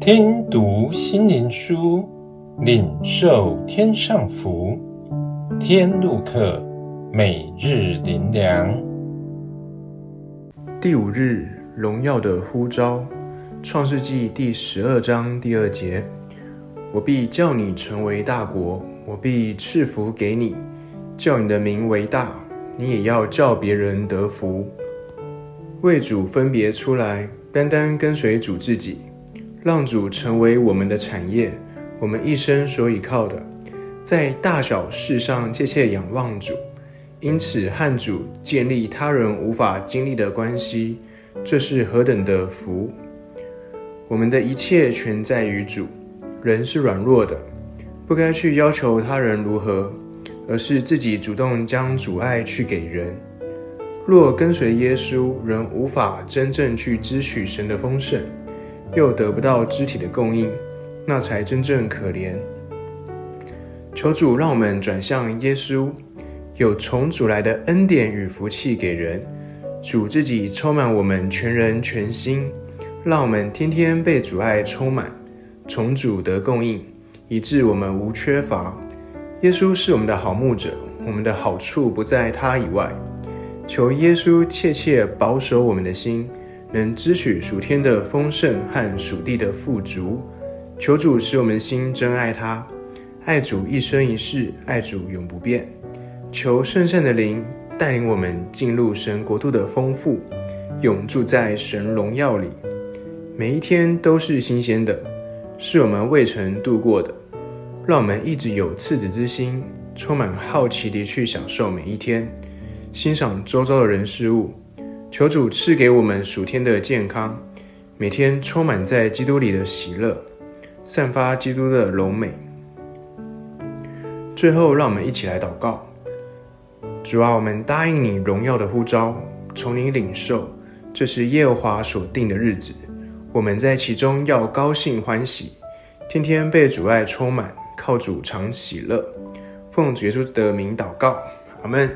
聽讀心靈書，領受天上福，天路客每日靈糧。第五日，榮耀的呼召，《創世紀》第十二章第二節：我必叫你成為大國，我必賜福給你，叫你的名為大，你也要叫別人得福。為主分別出來。單單跟隨主自己，讓主成為我們的產業，我們一生所倚靠的，在大小事上切切仰望主，因此和主建立他人無法經歷的關係，這是何等的福！我們的一切全在於主，人是軟弱的，不該去要求他人如何，而是自己主動將主愛去給人。若跟隨耶穌仍無法真正去支取神的豐盛，又得不到肢體的供應，那才真正可憐。求主讓我們轉向耶穌，有從主來的恩典與福氣給人。主自己充滿我們全人全心，讓我們天天被主愛充滿，從主得供應，以致我們無缺乏。耶穌是我們的好牧者，我們的好處不在他以外。求耶穌切切保守我們的心，能支取屬天的豐盛和屬地的富足。求主使我們心真愛他，愛主一生一世，愛主永不變。求聖善的靈帶領我們進入神國度的豐富，永住在神榮耀裡。每一天都是新鮮的，是我們未曾度過的。讓我們一直有赤子之心，充滿好奇的去享受每一天。欣賞周遭的人事物，求主賜給我們屬天的健康，每天充滿在基督裡的喜樂，散發基督的榮美。最後，讓我們一起來禱告：主啊，我們答應你榮耀的呼召，從你領受。這是耶和華所定的日子，我們在其中要高興歡喜，天天被主愛充滿，靠主常喜樂。奉主耶穌的名禱告，阿門。